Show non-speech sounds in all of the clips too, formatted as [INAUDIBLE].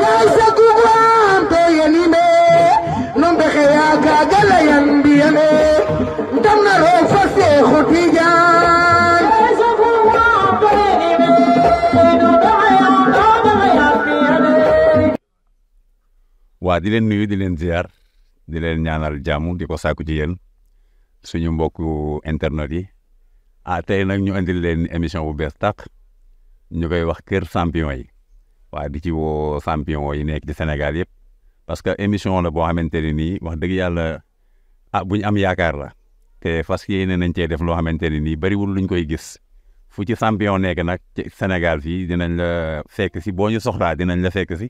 yaay sa gugante yenime nun bexe yaa gaagala yambiyame ndam na roog fa seexu tijaan waa di leen nuyu di leen ziar di leen ñaanal jàmm di ko sàkku ci yéen suñu mbokku internet yi ah tey nag ñu indil leen émission bu bees tàq ñu koy wax kër champion yi waaye di ci woo champion yi nekk ci Sénégal yëpp parce que émission la boo xamante ne nii wax dëgg yàlla ah bu ñu am yaakaar la te fas ne nañ cee def loo xamante ne nii bariwul luñ koy gis fu ci champion nekk nag ci Sénégal fii dinañ la fekk si boo ñu soxlaa dinañ la fekk si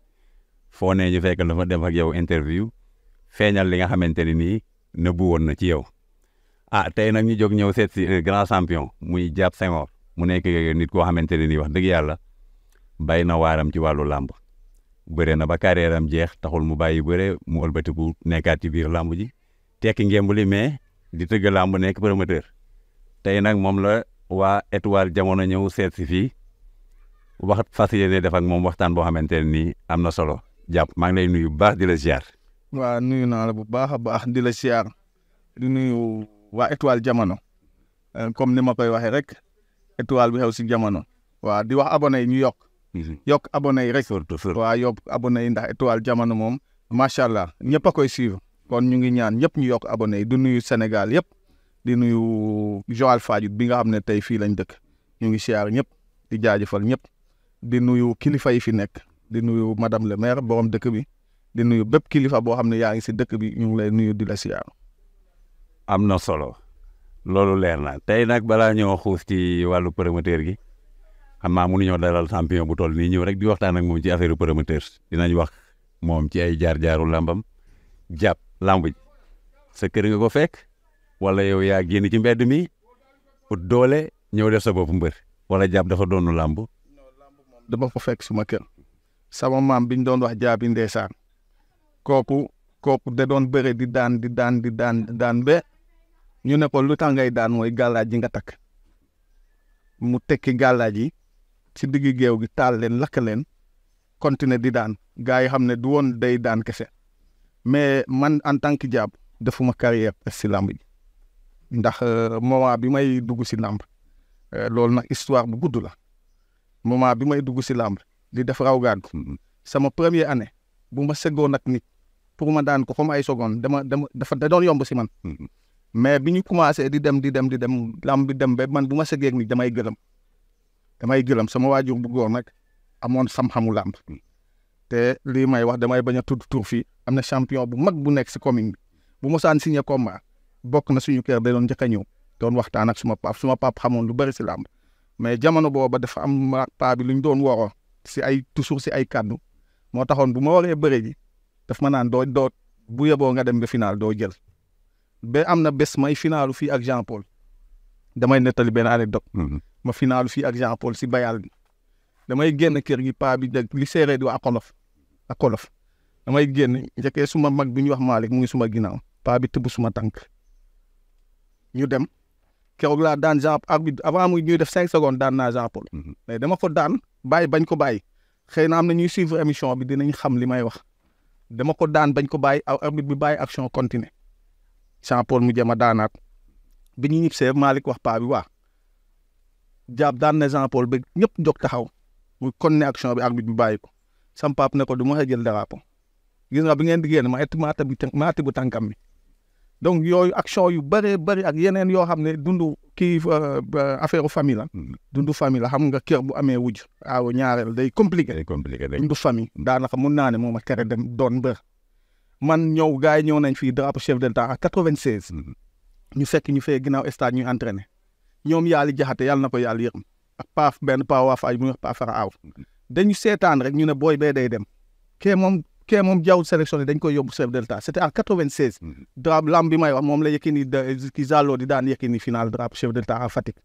foo nee ñu fekk la fa dem ak yow interview feeñal li nga xamante ne nii nëbbu woon na ci yow. ah tey nag ñu jóg ñëw seet si euh, grand champion muy Diap Senghor mu nekk nit koo xamante ne nii wax dëgg yàlla. bay na waaram ci wàllu làmb bëre na ba carrière jeex taxul mu bàyyi bëre mu walbati bu nekati biir làmb ji tekki ngemb li mais di tëgg làmb nekk promoteur tey nag moom la waa étoile jamono ñëw seet si fii wax fas yéene def ak moom waxtaan boo xamante ne nii am na solo jàpp maa ngi lay nuyu bu baax di la ziar. waaw nuyu naa bu baax a baax di la ziar di nuyu waa étoile jamono eh, comme ni ma koy waxee rek étoile bi xew si jamono. waa di wax abonné yi ñu yokk. yokk abonné yi rek. waa yokk abonné yi ndax étoile jamono moom macha allah ñëpp koy suivre kon ñu ngi ñaan ñëpp ñu yokk abonné yi du nuyu senegal yëpp di nuyu Joal Fadiouth bi nga xam ne tey fii lañ dëkk ñu ngi siyaar ñëpp di jaajëfal ñëpp di nuyu kilifa yi fi nekk di nuyu madam le maire borom dëkk bi di nuyu bépp kilifa boo xam ne yaa ngi si dëkk bi ñu ngi lay nuyu di la siyaar. am na solo loolu leer na tey nag balaa ñoo xuus ci wàllu promoteur gi. xam naa ñoo dalal champion bu toll nii ñëw rek di waxtaan ak moom ci affaire promoteur dinañ wax moom ci ay jaar-jaaru làmbam jàpp làmb ji sa kër nga ko fekk wala yow yaa génn ci mbedd mi doole ñëw def sa bopp mbër wala jàpp dafa doonu làmb. dama ko fekk suma kër sama maam bi doon wax jaabi ndeesaan kooku kooku da doon bëre di daan di daan di daan daan ba ñu ne ko lu tax daan mooy gàllaaj ji nga takk mu tekki gàllaaj ji si digg géew gi taal leen lakk leen continuer di daan gars yi xam ne du woon day daan kese mais man en tant que jaab defuma carrière si làmb ji ndax euh, moment bi may dugg si làmb euh, loolu nag histoire bu gudd la moment bi may dugg si làmb di def raw gaadu sama premier année bu ma seggoon nag nit pour ma daan ko comme ay seconde dama dama dafa da doon yomb si man mm-hmm. mais bi ñu commencé di dem di dem di dem làmb bi dem ba man bu ma seggee ak damay gëlëm damay gërëm sama waajur bu góor nag amoon xam-xamu làmb te lii may wax damay bañ a tudd tur fii am na champion bu mag bu nekk si commune bi bu mosaan signé combat bokk na suñu kër da doon njëkk a ñëw doon waxtaan ak suma pap suma pap xamoon lu bëri si làmb mais jamono booba dafa am paa bi lu ñu doon woroo si ay toujours si ay kàddu moo taxoon bu ma waree bëre ji daf ma naan doo doo bu yeboo nga dem nga final doo jël ba am na bés may finalu fii ak Jean Paul damay nettali benn anecdote mm-hmm. ma final fii ak Jean Paul si bayal bi damay génn ker gi paa bi nag li séeréer di wax akolof akolof damay génn njëkkee suma mag bi ñuy wax Malick mu ngi ginnaaw paa bi tëbb suma tànk ñu dem keroog laa daan Jean a avant muy ñuy def cinq secondes daan naa Jean Paul mhm. mais dama ko daan bàyyi bañ ko bàyyi xëy na am na ñuy suivre émission bi dinañ xam li may wax dama ko daan bañ ko bàyyi aw arbitre bi bàyyi action continue Jean Paul mu jëm a daanaat bi ñu ñib see Malick wax paa bi waa jaab daan na Jean Paul ba ñëpp jóg taxaw muy continuer action bi arbitre bi bàyyi ko sam ne ko du ma xëy jël drapeau gis nga bi ngeen di génn ma et maata bi maati bu tànkam bi donc yooyu action yu bëree bëri ak yeneen yoo xam ne dundu kii euh, affaire famille la. Mm-hmm. dundu famille la xam nga kër bu amee wujj aw ñaareel day compliqué. day compliqué dundu famille. daanaka mun naa ne moom a tere dem doon mbër. man ñëw gars yi ñëw nañ fii drapeau chef de l'État à quatre vingt seize. Mm-hmm. ñu fekk ñu fee ginnaaw stade ñuy entraîné. ñoom yaali jaxate yalla na ko yàlla yërëm ak paaf benn paa waa faaj bu ñuy paa fara aaw dañu seetaan rek ñu ne booy bee day dem kee moom kee moom jaww sélectionné dañ koy yóbbu chef de l'État c'était en quatre-vingt-seize mm-hmm. drap lam bi may wax moom la Yékini ki Zallo di daan Yékini final drap chef de l'État à Fatick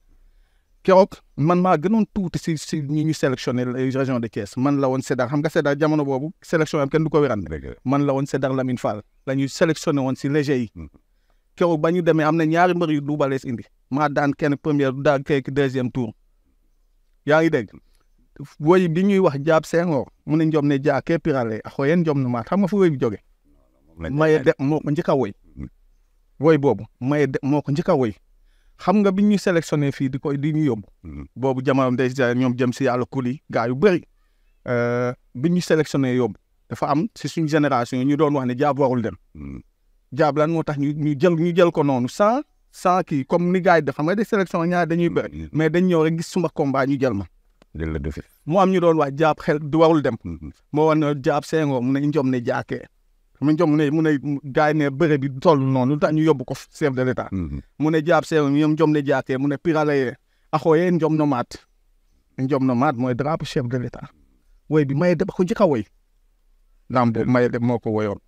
keroog man maa gënoon tuuti si si ñi ñu sélectionné région de Thiès man la woon Sédar xam nga Sédar jamono boobu sélection kenn du ko wéran man la woon Sédar Lamine Fall la ñu sélectionné woon si léger mm-hmm. ba ñu demee am na ñaari mbër yu duubalees indi maa daan kenn première daan kekk deuxième tour yaa ngi dégg woy bi ñuy wax jaab Senghor mu ne njom ne jaa kee pirale axo ah yeen njom ne maat xam nga fu woy bi jóge maye de moo ko boobu maye de moo ko njëkk mm. woy xam nga bi ñuy sélectionné fii di koy di ñu yóbbu mm. boobu jamono day ñoom jëm si yàlla kuli gaa yu bëri euh, bi ñu sélectionné yob dafa am si suñ génération ñu doon wax ne jaab warul dem mm. jaab lan moo tax ñu ñu jël ñu jël ko noonu sans sans kii comme ni gars yi dafa nga de sélection ñaar dañuy bëri mm-hmm. mais dañ ñëw rek gis suma combat ñu jël ma la defi mu am ñu doon waa jaab xel du warul dem mm-hmm. moo war na jaab seengo mu ne njom ne jaakee mu njom ne mu ne gars yi ne bëre bi toll noonu lu tax ñu yóbbu ko chef de l'état mm-hmm. mu ne jaab seengo ñoom njom ne jaakee mu ne piraleye axooyee njom no maat njom no maat mooy drapeau chef de ta woy bi ma daba ko njëkk a woy naam de maye deb moo ko woyoon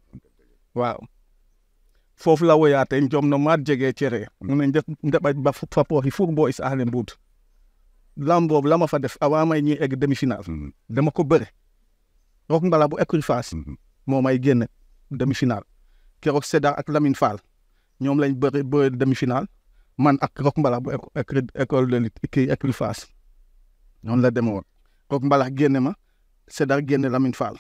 foofu la woyaate jom no jege jegee cere mu ne ndeɓaƴ ba fapooxi fur bo is aale mbuud lam boobu la ma fa def avant may ñi egg demi final mhm. dama ko bëre roog mbala bu écurie Fass mhm. moo may génne demi final keroog Sédar ak Lamine Fall ñoom lañ bëre bëre demi final man ak roog mbala bu écurie école de lutte kii écurie Fass noonu la deme woon roog mbala génne ma Sédar génne Lamine Fall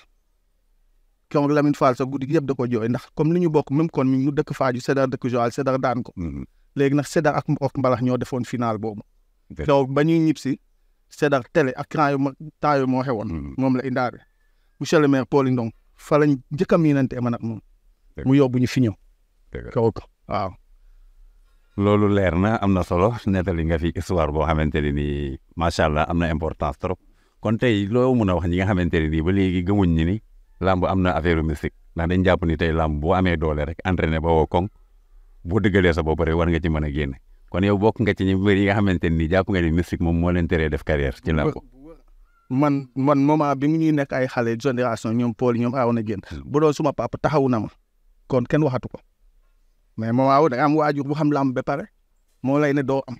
keroog Lamine Fall sa guddi gi yëpp da ko jooy ndax comme li ñu bokk même kon ñu dëkk Faaju Sédar dëkk Joal Sédar daan ko. Mhm. léegi nag Sédar ak Mbour Mbalax ñoo defoon finaal boobu. keroog ba ñuy ñib si Sédar télé ak cran yu ma temps yu moo xewoon. Mhm. moom la indaare. monsieur le maire Poli Ndong fa lañ njëkk a miinante man ak moom. mu yóbbu ñu fi ñëw. keroog waaw. loolu leer na am na solo nettali nga fi histoire boo xamante ne nii macha allah am na importance trop kon tey loo mën a wax ñi nga xamante ne nii ba léegi gëmuñ ñi ni. làmb am na affaire mystique ndax dañ jàpp tey làmb boo amee doole rek entraîné ba woo koŋ boo dëggalee sa bopp war nga ci mën a génne kon yow bokk nga ci ñi mbër yi nga xamante ni jàpp nga ni mystique moom moo leen teree def carrière ci làmb man man moment bi mu ñuy nekk ay xale génération ñoom Paul ñoom aw na génn bu doon suma papa na ma kon kenn waxatu ko mais moo wu da am waajur bu xam làmb ba pare moo lay ne doo am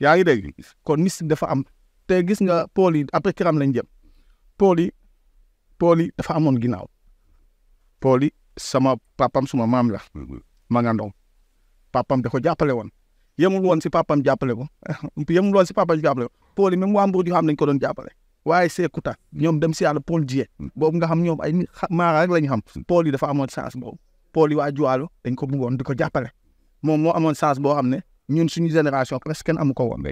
yaa ngi dégg kon mystique dafa am te gis nga Paul yi après kiram lañ jëm Paul yi Paul yi dafa amoon ginnaaw Paul yi sama papam suma maam la mm-hmm. Magandong papam de ko jàppale woon yemul woon si papam jàppale ko [LAUGHS] yemul woon si papam jàppale ko Paul yi même waa Mbour yoo xam nañ ko doon jàppale waaye Seekuta ñoom dem si yàlla Paul Dieng mm. boobu nga xam ñoom ay maara rek la ñu xam mm. Paul yi dafa amoon chance boobu Paul yi waa Juwaalo dañ ko bëggoon di ko jàppale moom moo amoon chance boo xam ne ñun suñu génération presque kenn amu ko woon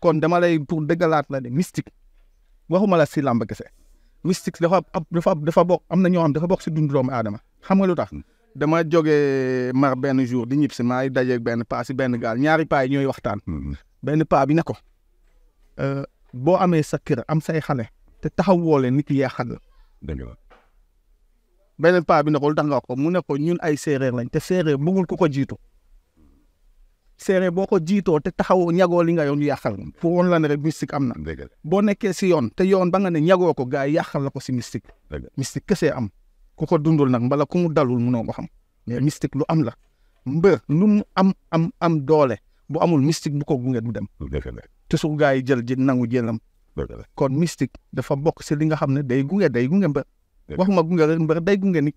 kon dama lay pour dëggalaat la de mystique waxuma la si làmb kese mystique dafa am dafa dafa bokk am na ñoo xam dafa bokk si dundu doomu aadama xam nga lu tax dama jógee mar benn jour di ñib si maay dajeeg benn paa si benn gaal ñaari paa yi ñooy waxtaan. Mm-hmm. benn paa bi ne ko euh, boo amee sa kër am say xale te taxawoo leen nit yee xàll. benn paa bi ne ko lu tax nga ko mu ne ko ñun ay séeréer lañ te séeréer bëggul ku ko jiitu. seere boo ko jiitoo te taxaw ñagoo li nga yoon ñu yàqal pour woon la ne rek mystique am na boo nekkee si yoon te yoon ba nga ne ñagoo ko gars yi yàqal la ko si mystique mystique kese am ku ko dundul nag mbala ku mu dalul munoo ko xam mais mystique lu am la mbër lu mu am am am doole bu amul mystique bu ko gunge du dem te su gars yi jël ji nangu jëlam kon mystique dafa bokk si li nga xam ne day gunge day gunge mbër waxuma gunge rek mbër day gunge ni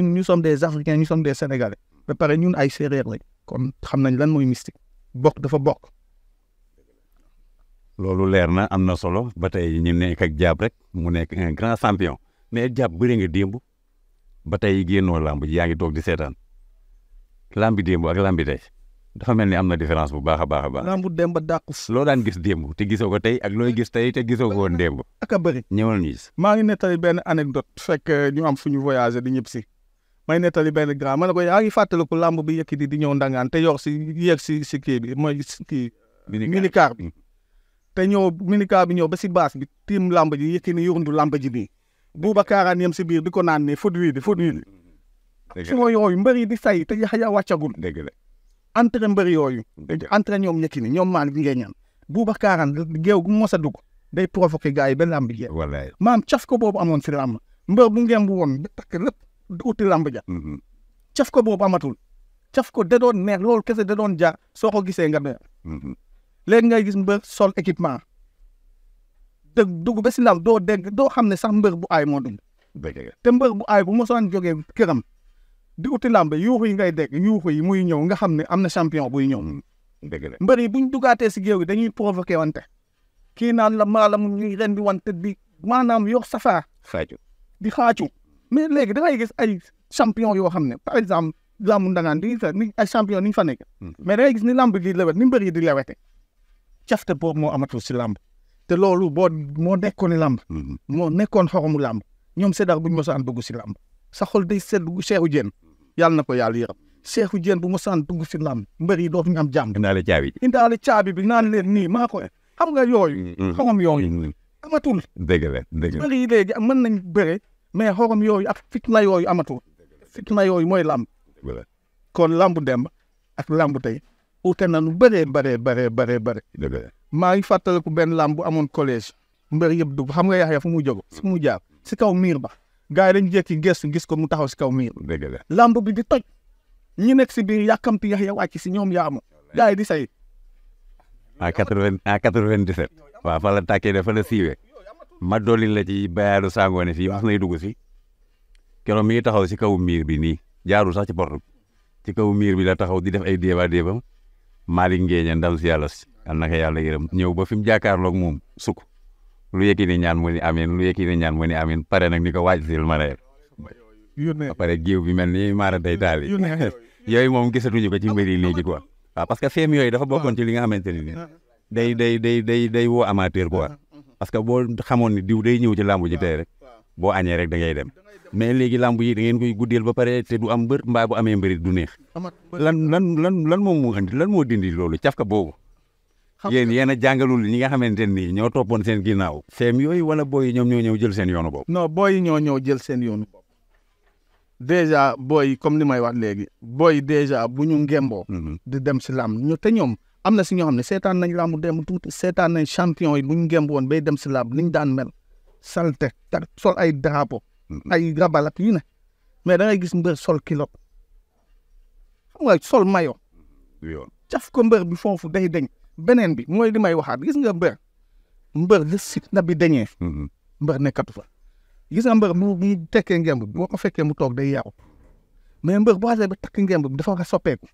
ñu sommes des africains ñu sommes des sénégalais pare ñun ay séeréer lañ kon xam nañ lan mooy mystique bokk dafa bokk. loolu leer na am na solo ba tey ñu nekk ak jàpp rek mu nekk un grand champion mais jàpp bëri nga démb ba tey génnoo làmb ji yaa ngi toog di seetaan làmbi démb ak lambi tey dafa mel ni am na différence bu baax a a baax. làmbu démb loo daan gis démb te gisoo ko tey ak loo gis tey te gisoo ko woon démb. ak a bëri ñëwal ñu gis. maa ngi nettali benn anecdote fekk euh, ñu am fu ñu voyagé di ñëpp si. may nettali benn grand ma ne ko yaa ngi fàttaliku làmb bi Yékini di ñëw ndangaan te yor si yéeg si si kii bi mooy kii. minicar bi mm. te ñëw minicar bi ñëw ba si baas bi tiim làmb ji Yékini yurundu làmb ji nii. buuba kaaraan yem si biir di ko naan ne fóot wii di fóot wii di. dëgg la yooyu mbër yi di say te yaxya wàccagul. dëgg la entre mbër yooyu. dëgg la entre ni ñoom maan bi ngeen ñaan. buuba kaaraan géew gu mos a dugg day provoqué gars yi ba làmb ji. wallaay maam caf ko boobu amoon si làmb mbër bu ngeen bu woon uti làmb ja mm-hmm. caf ko boobu amatul caf ko da doon neex loolu kese da doon jaar soo ko gisee nga ne mm-hmm. ngay gis mbër sol équipement dëgg dugg ba si làmb doo dégg doo xam ne sax mbër bu aay moo dugg te mbër bu aay bu mosaan jógee këram di uti làmb yuuxu yi ngay dégg yuuxu yi muy ñëw nga xam ne am na champion buy ñëw mm-hmm. dëgg la mbër yi buñ dugaatee si géew yi dañuy provoqué wante kii naan la maalam ñuy ren di wante di maanaam yor safaa di xaaju mais léegi da gis ay champion yoo xam ne par exemple làmbu ndangaan di fa ni ay champion ni ñu fa nekk. Hmm. mais da gis ni làmb di lewet ni mbër yi di te cafte boobu moo amatul si làmb te loolu boo moo nekkoon làmb. Hmm. moo nekkoon xoromu làmb ñoom séddar bu ñu mosaan dugg si làmb sa xol day sedd bu Cheikhou Diène yàlla na ko yàlla yërëm Cheikhou Diène bu mosaan dugg si làmb mbër yi dootuñu am jàmm. indaale caabi indaale caabi bi naan leen nii ma ko xam nga yooyu. Hmm, xamoon yooyu. amatul. dëgg la dëgg mën nañ bëre mais xorom yooyu ak fitna yooyu amatul fitna yooyu mooy làmb kon làmb demb ak làmb tey ute na lu bëree bëree bëree bëree bëri maa ngi fàttaliku benn làmb bu amoon collège mbër yëpp dugg xam nga Yaxya fu mu jóg fu mu jaar si kaw miir ba gars yi dañu jékki gëstu gis ko mu taxaw si kaw miir làmb bi di toj ñi nekk si biir yàkkamti Yaxya wàcc si ñoom yaa amoon di say à quatre-vingt à quatre vingt dix ma dolli la ci bayaalu sangoone fii wax nay dugg si keroog mi ngi taxaw si kaw miir bi nii jaarul sax ci porte ci kaw miir bi la taxaw di def ay déeba déebam Malick Ngéeña ndam si yàlla si yal na ko yàlla yërëm ñëw ba fi mu jàkkaarloog moom sukk lu yëkki ni ñaan mu ni amiin lu yëkki ni ñaan mu ni amiin pare nag ni ko waaj sil ma pare géew bi mel ni maara day taali [LAUGHS] yooyu moom gisatuñu ko ci mbir yi léegi quoi waaw que feem yooyu dafa bokkoon ci li nga xamante ni ah. day day day day day woo amateur quoi parce que boo xamoon ni diw day ñëw ci làmb ji tey rek boo añee rek ngay dem mais léegi làmb yi da ngeen koy guddeel ba pare te du am mbër mbaa bu amee mbëri du neex. lan lan lan lan moom moo andi lan moo dindi loolu cafka boobu. yéen yéen a jàngalul ñi nga xamante nii ñoo toppoon seen ginnaaw. feem yooyu wala booy yi ñoom ñoo ñëw jël seen yoonu bopp. non booy yi ñoo ñëw jël seen yoonu bopp déjà booy yi comme li may wax léegi booy yi déjà bu ñu ngemboo. Mhm. di dem si làmb ñu te ñoom am na si ñoo xam ne seetaan nañ làmb dem tuuti seetaan nañ champion yi bu ñu ngemb woon bay dem si làmb ni ñu daan mel salte tak sol ay drapeau mm-hmm. ay rabal ak ne mais da ngay gis mbër sol kilo xam sol mayo mm-hmm. caf ko mbër bi foofu day deñ beneen bi mooy li may waxaat gis nga mbër mbër na bi dañee mm-hmm. mbër nekkatu fa gis nga mbër mu mu tekkee ngemb bi boo ko fekkee mu toog day yaru mais mbër boo xasee ba takk ngemb bi dafa war a soppeeku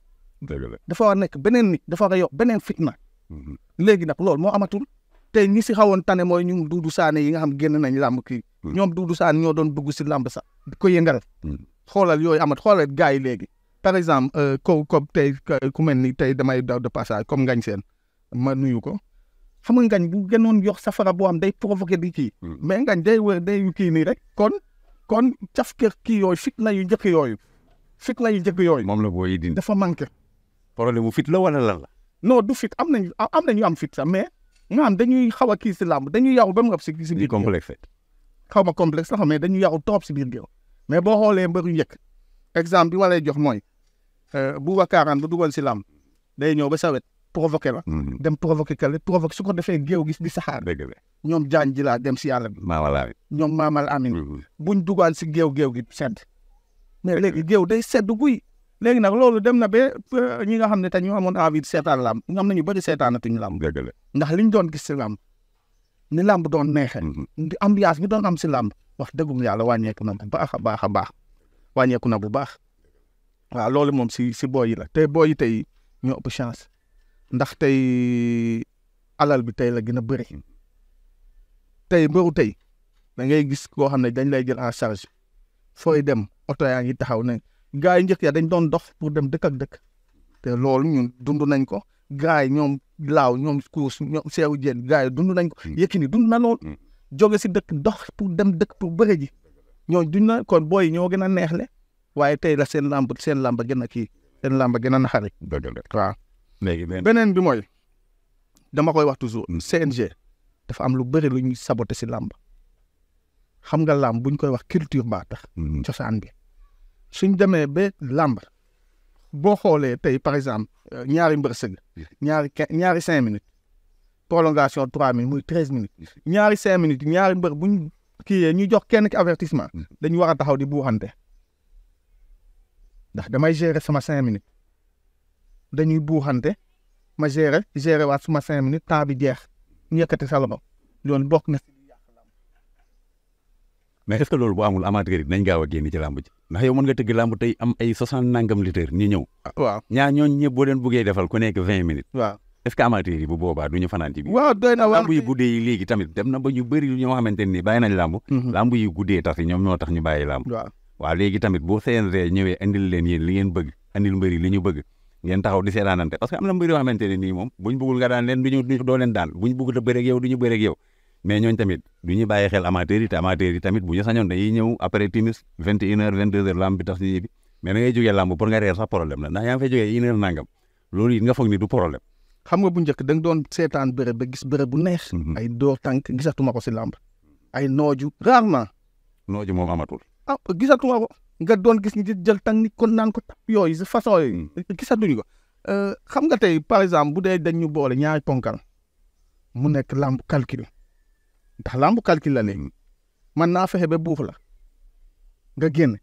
dafa war nekk beneen nit dafa war a beneen fitna. Mhm. léegi nag loolu moo amatul. tey ñi si xawoon tane mooy ñun Doudou Sané yi nga xam génn nañ làmb kii. Mhm. ñoom Doudou Sané ñoo doon dugg si làmb sax di ko yëngal. Mhm. xoolal yooyu amat xoolal gars yi léegi. par exemple euh, ko ko tey ku mel ni tey damay daw de passage comme ngañ seen ma nuyu ko. xam ngañ bu gënoon yox safara boo xam dey provoqué di kii. mais ngañ dey wër day kii nii rek. kon kon caf kër kii yooyu fitna yu njëkk yooyu. fitna yu njëkk yooyu. moom la booy dindi dafa manqué. problème mu fit la wala lan la. noo du fit am nañu am nañu am fit sax mais maanaam dañuy xaw a kii si làmb dañuy yaru ba mu rab si. si biir complexe xaw ma complexe sax mais dañuy yaru trop si biir géew mais boo xoolee mbër yu njëkk exemple bi ma lay jox mooy euh, Boubacarane bu dugal si làmb day ñëw ba sa wet provoqué la. Mhm. dem provoqué kale provoqué su ko defee géew gis di saxaar. dëgg ñoom jaan ji dem si yàlla bi. maamalaay ñoom maamal amin. Mhm. buñ dugaan si géew géew gi sedd. mais léegi géew day sedd guy. léegi nag loolu dem na ba euh, ñi nga xam ne te ñu amoon a de seetaan lam ñu am nañu bëri seetaanatuñu làmb ndax liñ doon gis si làmb ni làmb doon neexee mm-hmm. di ambiance bi doon am si làmb wax dëggum yàlla wàññeeku na bu baax a baax a baax wàññeeku na bu baax waaw loolu moom si si booy yi la tey booy yi tey ñoo ëpp chance ndax tey alal bi tey la gën a bëri mm-hmm. tey mbëru tey da ngay gis koo xam ne dañ lay jël en charge fooy dem oto yaa ngi taxaw ne gaa yi njëkk ya dañ doon dox pour dem dëkkak ak dëkk te loolu ñun dund nañ ko gaa yi ñoom laaw ñoom kuus ñoom sew jeen gaa yi dund nañ ko hmm. Yékini dund na lool hmm. jóge si dëkk dox pour dem dëkk pour bëre ji ñoo duñ na kon booy ñoo gën a neexle waaye tey la seen làmb seen làmb gën a kii seen làmb gën a naxari waaw léegi beneen bi mooy dama koy wax toujours hmm. CNG dafa am lu bëri lu ñuy saboté si làmb xam nga làmb buñ koy wax culture baa tax cosaan bi suñ demee ba làmb boo xoolee tey par exemple euh, ñaari mbër sëgg ñaari ñaari cinq minutes prolongation trois minutes muy treize minutes ñaari cinq minutes ñaari mbër buñ kii ñu jox kenn ki avertissement dañu war a taxaw di buuxante ndax damay gérer sama cinq minutes dañuy buuxante ma gérer gérer waat sama cinq minutes temps bi jeex ñu yëkkati sa loxo loolu bokk na. mais est-ce que loolu bu amul amateur yi dinañ gaaw a génn ci làmb ji. ndax yow mën nga tëgg làmb tey am ay soixante nangam litre ñu ñëw. waaw ñaar ñooñu ñëpp boo leen defal ku nekk vingt minutes. waaw est-ce que bu booba du ñu fanaan ci biir. waaw yi guddee yi léegi tamit dem na ba ñu bëri ñoo xamante ni bàyyi nañ làmb. Mhm. làmb yi guddee tax ñoom ñoo tax ñu bàyyi làmb. waaw waaw léegi tamit bu CNG ñëwee andil leen yéen li ngeen andil mbëri li ñu bëgg ngeen taxaw di seetaanante parce que am na mbir yoo xamante ne nii moom buñ bëggul nga daan leen duñu doo leen daan buñ bëggul a bëreeg yow duñu mais ñooñ tamit du ñuy bàyyi xel amateurs yi te amateurs yi tamit bu ñu sañoon dañuy ñëw après timis vingt et une heures vingt deux heures lamb bi tax si ñibbi mais da ngay jógee lamb pour nga reer sax problème la ndax yaa ngi fay nangam loolu it nga foog ni du problème. xam nga bu njëkk da nga doon seetaan bëre ba gis bëre bu neex. Mhm. ay door tànk gisatuma ko si lamb. ay nooju rarement. nooju moom amatul. ah gisatuma ko nga doon gis ni jël tànk ni kon naan ko tap yooyu si façon yooyu. Mhm. gisatuñu ko euh, xam nga tey par exemple bu dee dañ ñu boole ñaari ponkal mu nekk lamb calcul ndax làmb calcul la léegi man naa fexe ba buux la nga génn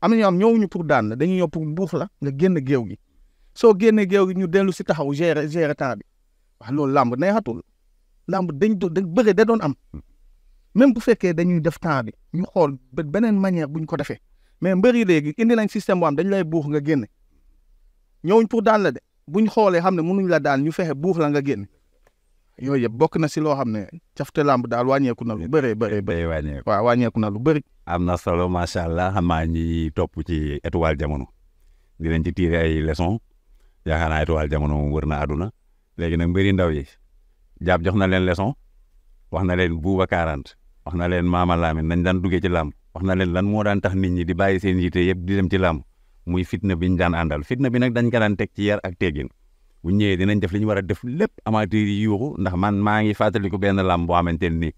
am na ñoo am ñëwuñu pour daan la dañuy ñëw pour la nga génn géew gi soo génnee géew gi ñu dellu si taxaw gérer gérer temps bi wax loolu làmb neexatul làmb dañ doon dañ bëre da doon am même bu fekkee dañuy def temps bi ñu xool beneen manière bu ñu ko defee mais mbër yi léegi indi nañ système boo am dañu lay buux nga génn ñëwuñ pour daan la de bu ñu xoolee xam ne mënuñ la daan ñu fexe buux la nga génn. yooyu yëpp bokk na si loo xam ne cafte làmb daal wàññeeku na lu bëree bëree bëri wàññeeku waaw wàññeeku na lu bëri am na solo macha allah xamaa ñi topp ci étoile jamono di leen ci tiire ay leçon yaakaar naa étoile jamono moom wër na àdduna léegi nag mbiri ndaw yi jaab jox na leen leçon wax na leen buuba 40 wax na leen maama laamin nañ daan duggee ci làmb wax na leen lan moo daan tax nit ñi di bàyyi seen yiite yëpp di dem ci làmb muy fitna bi ñu daan àndal fitna bi nag dañ ko daan teg ci yar ak teggin bu ñëwee dinañ def li ñu war a def lépp amateur yi yuuxu ndax man maa ngi fàttaliku benn làmb boo xamante ni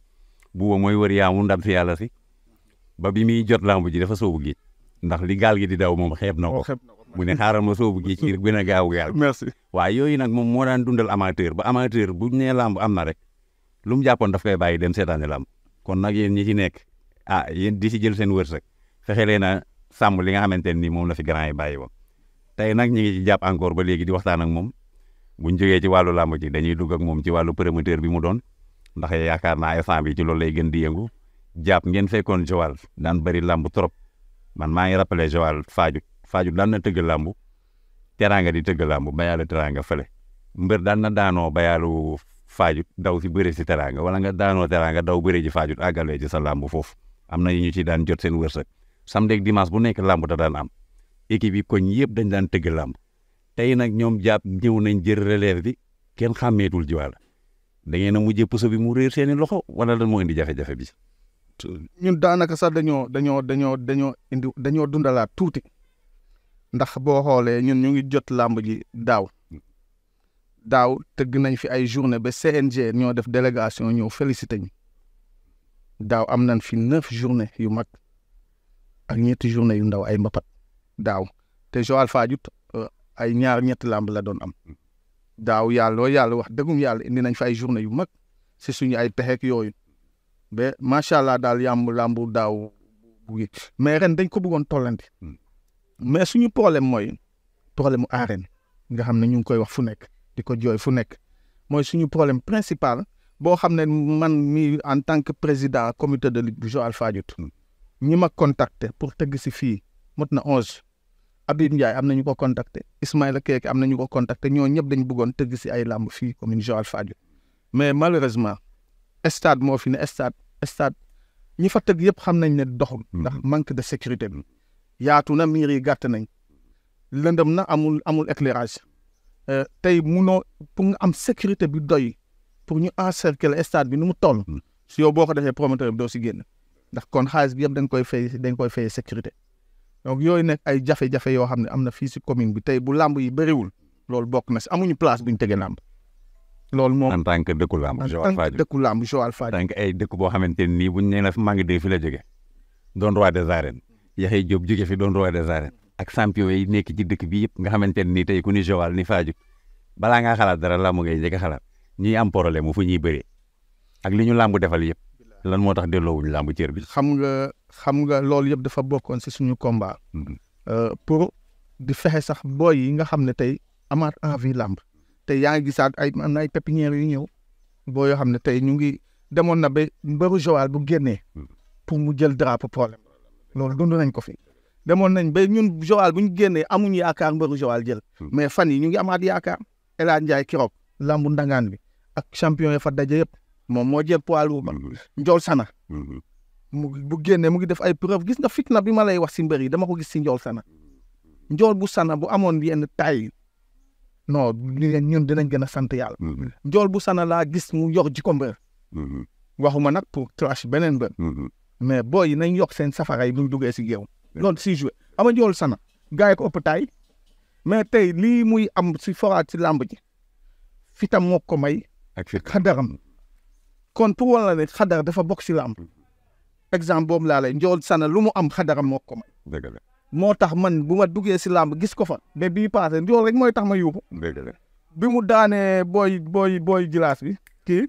bu mooy wër yaamu ndam si yàlla si ba bi muy jot làmb ji dafa soobu géej ndax li gaal gi di daw moom xeeb na ko oh, mu ne xaaral ma soobu géej ci gën a gaaw gaal merci waaye yooyu nag moom moo daan dundal amateur ba amateur bu ñee làmb am na rek lu mu jàppoon daf koy bàyyi dem seetaani lam kon nag yéen ñi ci nekk ah yéen di si jël seen wërsëg fexe leen na sàmm li nga xamante ni moom la fi grand yi bàyyi woon tey nag ñu ngi ci jàpp encore ba léegi di waxtaan ak moom bu jógee ci wàllu làmb ci dañuy dugg ak moom ci wàllu promoteur bi mu doon ndax yaakaar naa instant bi ci loolu lay gën di yëngu jàpp ngeen fekkoon wal daan bari làmb trop man maa ngi rappelé Joal Fadiouth Fadiouth daan na tëgg làmb teraanga di tëgg làmb bayaalu teraanga fële mbër daan na daanoo bayaalu Fadiouth daw si bëri si teraanga wala nga daanoo teraanga daw bëri ji Fadiouth àggalee ci sa làmb foofu am na ñu ci daan jot seen wërsëg samedi ak dimanche bu nekk làmb da daan am équipe yi koñ yëpp dañ daan tëgg làmb tey nag ñoom jàpp ñëw nañ jël relève bi kenn xàmmeetul jiwaala da ngeen a mujjee puso bi mu réer seeni loxo wala lan moo indi jafe-jafe bi. ñun daanaka sax dañoo dañoo dañoo dañoo indi dañoo dundalaat tuuti ndax boo xoolee ñun ñu ngi jot làmb ji daaw daaw tëgg nañ fi ay journée ba CNG ñoo def délégation ñëw félicité ñu daaw am nañ fi neuf journée yu mag ak ñetti journée yu ndaw ay mbapat daaw te Joal Fadiouth ay ñaar ñetti làmb la doon am daaw yàlla yàlla wax dëggum yàlla indi nañ fa ay journée yu mag si suñu ay pexeek yooyu ba macha allah daal yàmb làmbu daaw bu mais ren dañ ko bëggoon tollante hmm. mais suñu problème mooy problème mu arène nga xam ne ñu ngi koy wax fu nekk di ko jooy fu nekk mooy suñu problème principal boo xam ne man mi en tant que président comité de lutte bu Joal Fadiouth hmm. ñi ma contacter pour tëgg si fii mot na onze Habib Ndiaye am nañu ko contacter Ismaïla Keek am nañu ko contacter ñoo ñëpp dañu bëggoon tëgg si ay làmb fii commune Joal Fadiouth mais malheureusement stade moo fi ne stade stade ñi fa teg yëpp xam nañ ne doxul. Mm-hmm. ndax manque de sécurité bi. yaatu na miir yi gàtt nañ. lëndëm na amul amul éclairage. Euh, tey munoo pour nga am securité bi doy pour ñu encercler stade bi nu mu toll. Mm-hmm. si yow boo ko defee promoteur bi doo si génn. ndax kon xaalis bi yëpp dañ koy fay dañ koy fay securité donc yooyu nekk ay jafe-jafe yoo xam ne am na fii si commune bi tey bu làmb yi bëriwul loolu bokk na si amuñu place buñ tege làmb loolu moom en tant que dëkku làmb Joal Fadiouth dëkku làmb Joal Fadiouth en tant que ay dëkk boo xamante nii buñ nee na maa ngi dee fi la jóge doon roi des arènes Yaxya Diop jóge fi doon de des arènes ak champion yi nekk ci dëkk bi yëpp nga xamante ne nii tey ku ni ni Fadiouth balaa ngaa xalaat dara làmb ngay njëkk a xalaat ñuy am problème fu ñuy bëree ak li ñu làmb defal yëpp lan moo tax delloowuñ làmb cër bi. xam nga xam nga loolu yëpp dafa bokkoon si suñu combat. Mm-hmm. Euh, pour di fexe sax booy yi nga xam ne tey amaat envie làmb te yaa ngi gisaat ay am na ay pépinières yu ñëw boo yoo xam ne tey ñu ngi demoon na ba mbaru Joal bu génnee mm-hmm. pour mu jël drapeau problème loolu dund nañ ko fi demoon nañ ba ñun Joal bu ñu génnee amuñu yaakaar mbëru Joal jël mm-hmm. mais fan yi ñu ngi amaat yaakaar El Hadj Ndiaye Kiroog lambu ndangaan bi ak champion ya fa daje yëpp moom moo jël poids lourd ba mhm. Sana. Mhm. mu bu génnee mu ngi def ay preuve gis nga fitna bi ma lay wax si mbër yi dama ko gis si Ndiol Sana. Mhm. Ndiol bu Sana bu amoon yenn taay non ñun dinañ gën a sant yàlla. Ndiol bu Sana laa gis mu yor jikko mbër. waxuma nag pour clash beneen mbër. mais booy yi nañ yokk seen safara yi bu ñu duggee si géew. loolu si joué ama Ndiol Sana gars yi ko ëpp taay mais tey lii muy am si foraat si làmb ji fitam moo ko may. ak xadaram kon pour wala ne xadar dafa bokk si làmb mm-hmm. exemple boobu laa lay njool sana lu mu am xadaram moo ko may. moo tax man bu ma duggee si làmb gis ko fa. mais bii passé njool rek mooy tax ma yóbbu. dëgg la bi mu daanee booy booy booy jilaas bi kii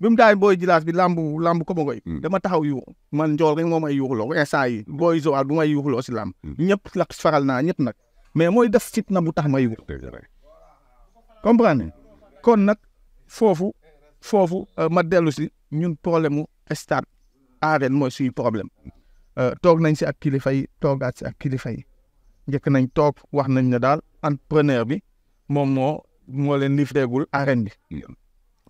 bi mu daanee booy jilaas bi làmb làmb ko ma koy. Mm. dama taxaw yuuxu man njool rek moo may yuuxuloo instant yi booy zowaat bu may yuuxuloo si làmb. Mm. ñëpp la faral naa ñëpp nag. mais mooy def sit na bu tax ma yuuxu. foofu euh, ma dellu si ñun problème mu stade arène mooy suy problème euh, toog nañ si ak kilifa yi toogaat si ak kilifa yi njëkk nañ toog wax nañ ne daal entrepreneur bi moom moo moo leen livreegul arène bi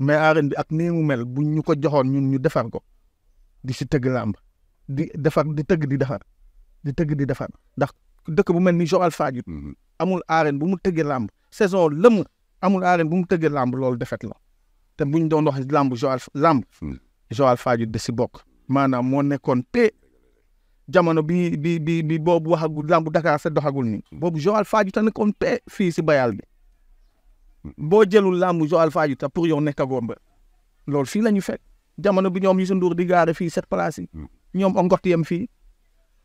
mais arène bi ak nii mel buñ ñu ko joxoon ñun ñu defar ko di si tëgg làmb di defar di tëgg di defar di tëgg di defar ndax dëkk bu mel ni Joal Fadiouth mhm. amul arène bu mu tëggee làmb saison lëmm amul arène bu mu tëggee làmb loolu defet la te bu ñu doon wax làmb Joal làmb hmm. Joal Fadiouth da si bokk maanaam moo nekkoon te jamono bi bi bi bi boobu waxagul làmb Dakar sa doxagul ni hmm. boobu Joal Fadiouth ta nekkoon te fii si bayal bi hmm. boo jëlul làmb Joal Fadiouth ta pour yow nekkagoo mbër loolu fii la ñu fekk jamono bi ñoom Youssou Ndour di gaare fii cette place yi ñoom ongot yem fii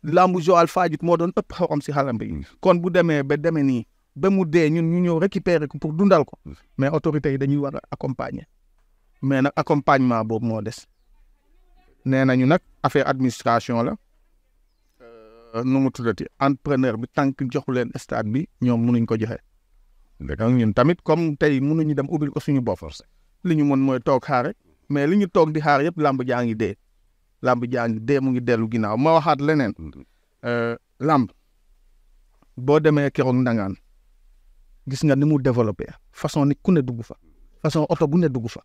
làmb Joal Fadiouth moo doon ëpp xorom si xalam bi kon bu demee ba demee nii ba mu dee ñun ñu ñëw récupérer ko pour dundal ko mais autorités yi dañuy war a accompagner mais nag accompagnement boobu moo des nee nañu nag affaire administration la euh, nu mu tuddati entrepreneur bi tant que joxu leen stade bi ñoom mënuñ ko joxe. donc ñun tamit comme tey mënuñu dem ubbil ko suñu bopp. li ñu mën mooy toog xaar rek mais li ñu toog di xaar yëpp làmb jaa ngi dee. làmb jaa ngi mu ngi dellu ginnaaw ma waxaat leneen. Euh, làmb boo demee keroog ndangaan gis nga ni mu développé façon ni ku ne dugg fa façon oto bu ne dugg fa.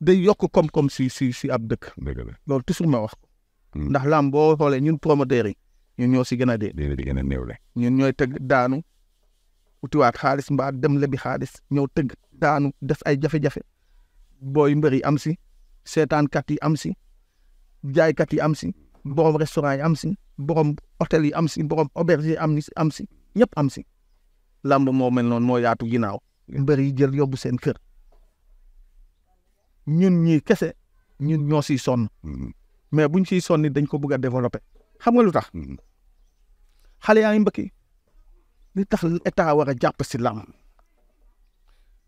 day yokk koom-koom si si si ab dëkk. dëgg la loolu ma wax ko. Hmm. ndax lam boo xoolee ñun promoteurs yi ñun ñoo si gën a dee. di gën a ñun ñooy tëgg daanu utiwaat xaalis mbaa dem lebi xaalis ñëw tëgg daanu def ay jafe-jafe booy mbër yi am si seetaankat yi am si jaaykat yi am si borom restaurant yi am si borom hôtel yi am si borom auberge yi am si am si ñëpp am si. lamb moo mel noon moo yaatu ginnaaw. mbër yi jël yóbbu seen kër. ñun ñii kese ñun ñoo siy sonn mm-hmm. mais buñ siy sonni dañ ko bëgg a développer xam nga lu tax mm-hmm. xale yaa ngi mbëkki li tax état war a jàpp si lam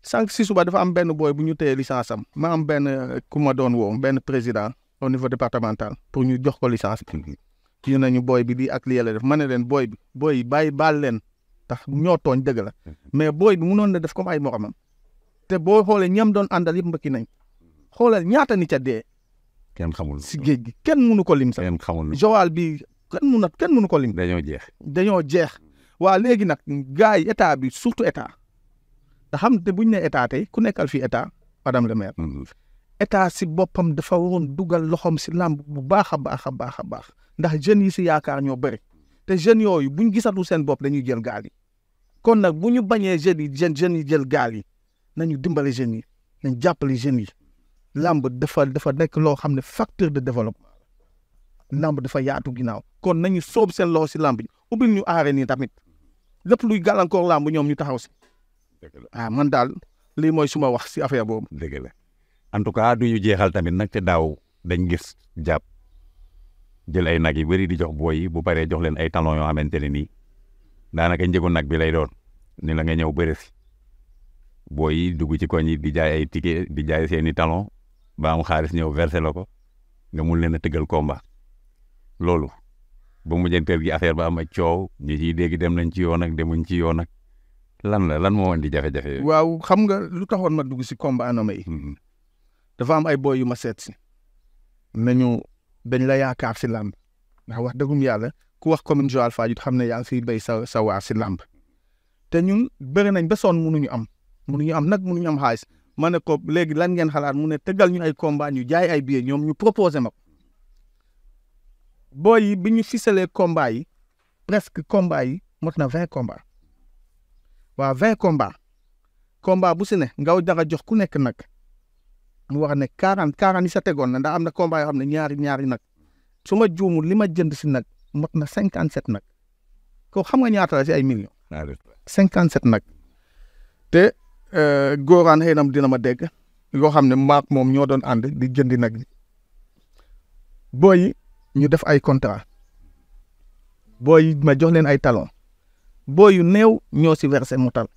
sànq si suba dafa benn booy bu ñu téye licence am ma am benn euh, ku ma doon woo benn président au niveau départemental pour ñu jox ko licence bi mm-hmm. ñu nañu booy bi di ak lii la def ma ne leen booy bi booy yi bàyyi baal leen tax ñoo tooñ dëgg la mais booy bi munoon na def comme ay moromam te boo xoolee ñam doon àndal yëpp mbëkki nañ xoolal ñaata nit a dee. kenn xamul si géej gi kenn mënu ko lim sax. kenn xamul bi kenn mun a kenn mënu ko lim. dañoo jeex. dañoo jeex waa léegi nag gars yi état bi surtout état nga xam te bu ñu nee état tey ku nekkal fii état madame le maire. Mm. état si boppam dafa waroon dugal loxoom si làmb bu baax a baax a baax a baax ndax jeunes yi si yaakaar ñoo bëri te jeunes yooyu bu ñu gisatu seen bopp dañuy jël gaal yi kon nag bu ñu bañee jeunes yi jeunes yi jël gaal yi nañu dimbale jeunes yi nañ jàppale jeunes yi. làmb dafa dafa nekk loo xam ne facteur de développement làmb dafa yaatu ginnaaw kon nañu soob seen loo si làmb ji ñu aaree nii tamit lépp luy gàllankoor lamb ñoom ñu taxaw si. ah man daal lii mooy suma wax si affaire boobu. dëgg en tout cas du ñu jeexal tamit nag te daaw dañ gis jàpp jël nag yi bëri di jox booy yi bu paree jox leen ay talons yoo xamante ne nii daanaka njëgu nag bi lay doon ni la nga ñëw bëri si booy yi dugg ci koñ yi di jaay tige ticket di jaay seen i talons ba xaalis ñëw versé la ko nga mun leen a tëggal combat loolu ba mujjanteel gi affaire ba ma coow ñi ciy dégg dem nañ ci yoon ak demuñ ci yoon ak lan la lan moo indi jafe-jafe. waaw xam nga lu taxoon ma dugg si combat mm-hmm. dafa am ay boy yu ma seet si. nañu dañ la yaakaar si lamb ndax wax dëggum yàlla ku wax commune Joal Fadiouth xam ne yaa ngi fiy béy sa sa waar si làmb te ñun bëri nañ ba sonn mënuñu am mënuñu am nag mënuñu am xaalis ma ne ko léegi lan ngeen xalaat mu ne tëggal ñu ay combat ñu jaay ay billets ñoom ñu proposé ma ko booy yi bi ñu ficelee combat yi presque combat yi mot na vingt combat waaw vingt combat combat bu si ne ngaw dara jox ku nekk nag mu wax ne quarante quarante yi sa tegoon na ndax am na combat yoo xam na ñaari ñaari nag su ma juumul li ma jënd si nag mot na cinquante sept nag ko xam nga ñaata la si ay millions. cinquante sept nag te Euh, góoraan xëy na dina ma dégg yoo xam ne maak moom ñoo doon ànd di jëndi nag booy ñu def ay contrat booy ma jox leen ay talon booy yu néew ñoo si versé mu tal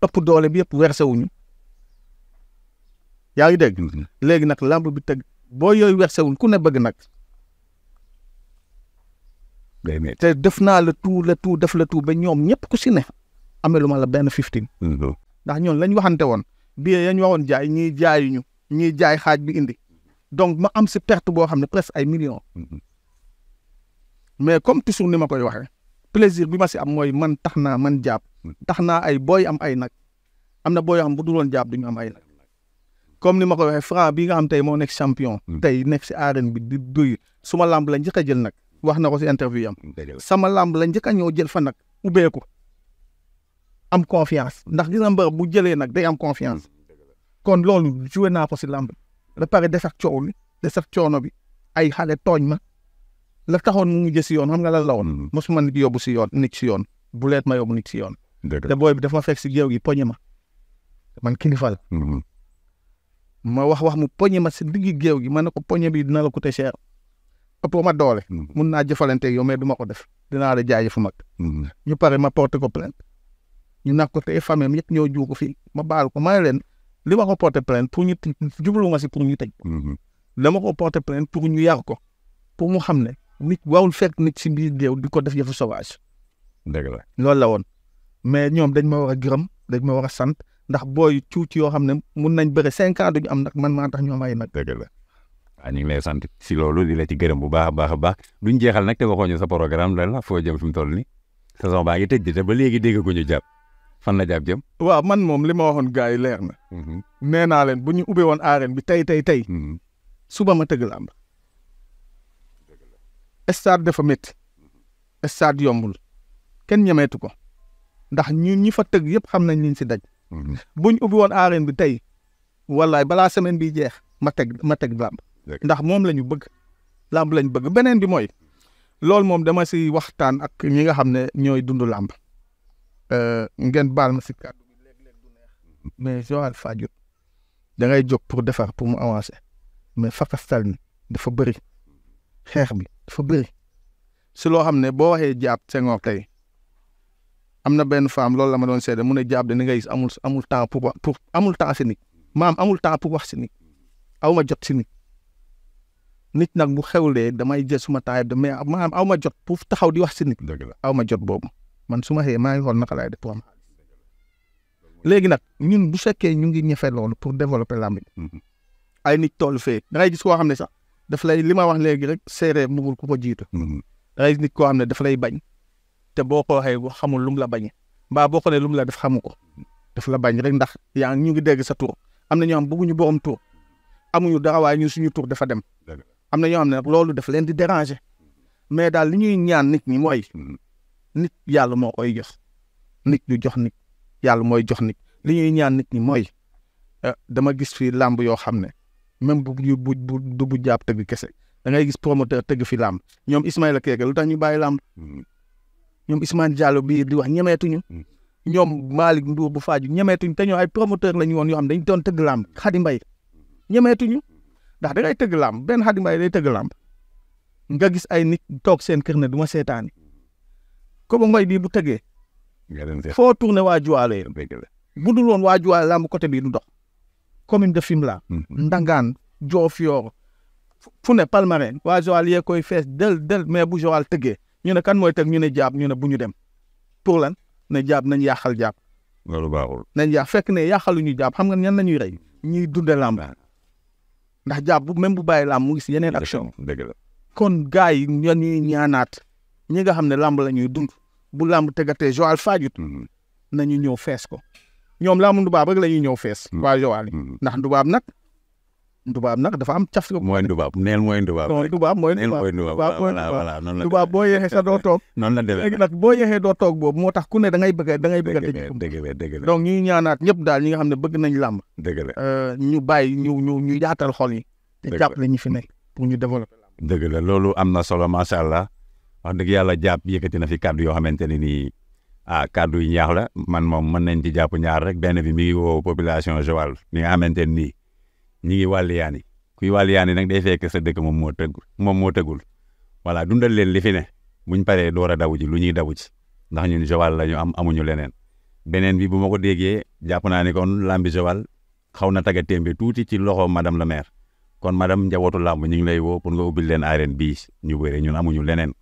topp doole bi yëpp versé wuñu yaa ngi dégg. léegi nag lamb bi teg booy yooyu versé wuñ ku ne bëgg nag. te def naa la tout la tout def la tout ba ñoom ñëpp ku si ne. amelu ma la benn fifteen. Mmh, ndax ñoon lañ waxante woon billet yañ waxoon jaay ñiy jaayuñu ñiy jaay xaaj bi indi donc ma am si perte boo xam ne presque ay millions mhm. mais comme toujours ni ma koy waxee plaisir bi ma si am mooy man tax naa man jàpp mhm. tax naa ay booy am ay nag am na booy yoo xam bu dul woon jàpp duñu am ay nag comme ni ma koy waxe fra bi nga xam tey moo nekk champion mhm. tey nekk si arène bi di duy suma lamb la njëkk a jël nag wax na ko si interview yam sama lamb la njëkk a ñëw jël fa nag ko am confiance ndax gis nga mbër bu jëlee nag day am confiance kon loolu joué naa ko si làmb ba pare def ak coow coono bi ay xale tooñ ma la taxoon mu mujj si yoon am nga lan la woon. Mm-hmm. mosuma nit yóbbu si yoon nit si yoon bu leet ma yóbbu nit si yoon. te booy bi dafa ma fekk si géew gi poñe ma man kilifa la. Mm-hmm. ma wax wax mu poñe ma si digg géew gi ma ne ko poñe bi dina la coûter cher. ëpp ma doole. Mm-hmm. mun naa jëfalante yow mais du ma ko def. dinaa la jaajëf mag. ñu pare ma porte ko plainte ñu nag ko tey famille am yëpp ñoo juu ko fi ma baal ko ma ne leen li ma ko porté plainte pour ñu jubluwuma si pour ñu tëj. Mm-hmm. dama ko porté plainte pour ñu yar ko pour mu xam ne nit waawul fekk nit si biir déew di ko def yëfu sauvage. dëgg la loolu la woon mais ñoom dañ ma war a gërëm dañ ma war a sant ndax booy tuuti yoo xam ne mun nañ bëre cinq ans duñu am nag man maa tax ñoom ay nag. dëgg la ah, ñu ngi lay sant si loolu di la ci gërëm bu baax a baax a baax duñ jeexal nag te waxoo ñu sa programme lan baa ngi tëj te ba léegi dégg ko ñu jàpp. fan la jàpp jëm. waaw man moom li ma waxoon gars yi leer na. Mhm. nee naa leen bu ñu ubbee woon arène bi tey tey tey. Mhm. suba ma teg làmb. stade dafa métti. stade yombul. kenn ñemeetu ko. ndax ñun ñi fa teg yëpp xam nañ liñ si daj. Mhm. bu ñu ubbi woon arène bi tey. wallaay balaa semaine bi jeex. ma teg ma teg làmb. ndax moom la ñu bëgg. làmb lañ bëgg beneen bi mooy. loolu moom dama si waxtaan ak ñi nga xam ne ñooy dundu làmb. Euh, ngeen baal ma si kàddu bi léeg-léeg du neex mais Joal Fadiouth da ngay jóg pour defar pour mu avancer mais fakastal ni dafa bëri xeex bi dafa bëri si loo xam ne boo waxee jaab Senghor tey am na benn femme loolu la ma doon seede mu ne jaab de ni nga gis amul amul temps pour pour amul temps si maam amul temps pour wax si nit aw ma jot si nit nag bu xewlee damay jël taa taayam de mais maam aw ma jot pour taxaw di wax si nit. dëgg la aw ma jot boobu. man su ma xëyee maa ngi xool naka laay def nag ñun bu fekkee ñu ngi ñefe loolu pour développer làmb mhm. ay nit toll fee da ngay gis koo xam ne sax daf lay li ma wax léegi rek séeréer mugul ku ko jiitu. Mhm. da ngay gis nit koo xam ne daf lay bañ te boo ko waxee xamul lum la bañ mbaa boo ko nee lum la def xamu ko daf la bañ rek ndax yaa ñu ngi dégg sa tur am na ñoo ñu bëgguñu borom tur amuñu dara waaye ñun suñu tur dafa dem. am na ñoo xam ne loolu daf leen di déranger mais daal li ñuy ñaan nit ñi mooy mhm. nit yàlla moo koy jox nit ñu jox nit yàlla mooy jox nit li ñuy ñaan nit ñi mooy eh, dama gis fii làmb yoo xam ne même bu ñu bu bu bu jàpp tëgg kese da ngay gis promoteur tëgg fi làmb ñoom Ismaïla Keeke lu tax ñu bàyyi làmb ñoom Ismaïla Diallo bii di wax ñemeetuñu ñoom Malick Ndour bu faaju ñemeetuñu te ñoo ay promoteur la ñu woon yoo xam dañ doon tëgg lamb Xadi Mbay ñemeetuñu ndax da ngay tëgg làmb benn Xadi Mbay day tëgg làmb nga gis ay nit toog seen kër ne duma ma seetaani comme ngoy bii bu tëggee. foo ne waa Joal bu dul woon waa Joal làmb côté bii du dox. commune de Fimela. Mhm. Ndangaan Diofior fu ne Palmarin waa Joal yee koy fees del del mais bu Joal tëggee ñu ne kan mooy teg ñu ne jaab ñu ne bu ñu dem pour lan ne jaab nañ yàqal jaab. loolu baaxul nañ yàq fekk ne yàqaluñu jaab xam nga ñan na ñuy rey ñuy dunde làmb ah. ndax jaab bu même bu bàyyi làmb mu gis yeneen action. kon gars yi ñoo ñuy ñaanaat. ñi nga xam ne làmb la ñuy dund bu làmb tegatee Joal Fadiouth mhm. nañu ñëw fees ko ñoom làmb ndubaab rek la ñuy ñëw fees mhm. waa Joal yi mhm. ndax ndubaab nag ndubaab nag dafa am caf mooy ndubaab neel mooy ndubaab non ndubaab mooy ndubaab voilà ndubaab boo yeexee sa doo toog [LAUGHS] noonu la demee léegi nag boo yeexee doo toog boobu moo tax ku ne da ngay bëgg da ngay bëgg dëgg donc ñuy ñaanaat ñëpp daal ñi nga xam ne bëgg nañ làmb dëgg la euh, ñu bàyyi ñu ñu ñu yaatal xol yi te jàppale ñi fi nekk pour ñu développer dëgg la loolu am na solo macha allah wax dëgg yàlla jàpp yëkkati na fi kàddu yoo xamante ne nii ah kàddu yu ñaax la man moom mën nañ ci jàpp ñaar rek benn bi mi ngi woo population Joal mi nga xamante ne nii ñi ngi wàlliyaani kuy wàlliyaani nag day fekk sa dëkk moom moo tëgg moom moo tëggul voilà dundal leen li fi ne buñ paree door a daw ji lu ñuy daw ji ndax ñun Joal la ñu am amuñu leneen beneen bi bu ma ko déggee jàpp naa ni kon làmbi Joal xaw na tagga témbe tuuti ci loxo madame la maire kon madame njabootu làmb ñu ngi lay woo pour nga ubbil leen bii ñu bëre ñun amuñu leneen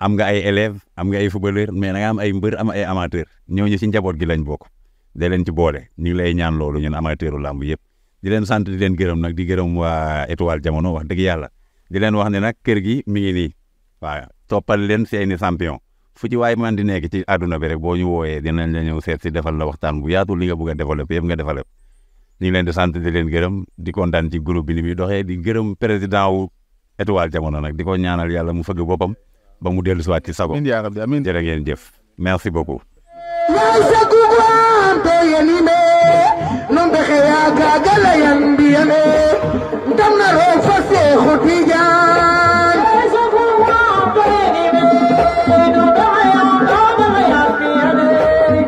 am nga ay élèves am nga ay footballeur mais da am ay mbër am ay amateur ñooñu ci njaboot gi lañ bokk da leen ci boole ñu ngi lay ñaan loolu ñun amateuru làmb yëpp di leen sant di leen gërëm nag di gërëm waa étoile jamono wax dëgg yàlla di leen wax ne nag kër gi mi ngi nii waaw toppal leen seeni champion fu ci waay man di nekk ci àdduna bi rek boo ñu wooyee dinañ la ñëw seet si defal la waxtaan bu yaatu li nga bëgg a développé yëpp nga développé ñu leen di sant di leen gërëm di kontaan ci groupe bi ni muy doxee di gërëm président wu étoile jamono nag di ko ñaanal yàlla mu fëgg boppam ba mu dellu si waat ci sago. amiin yaa rabbi amiin jërë ngeen jëf. merci beaucoup.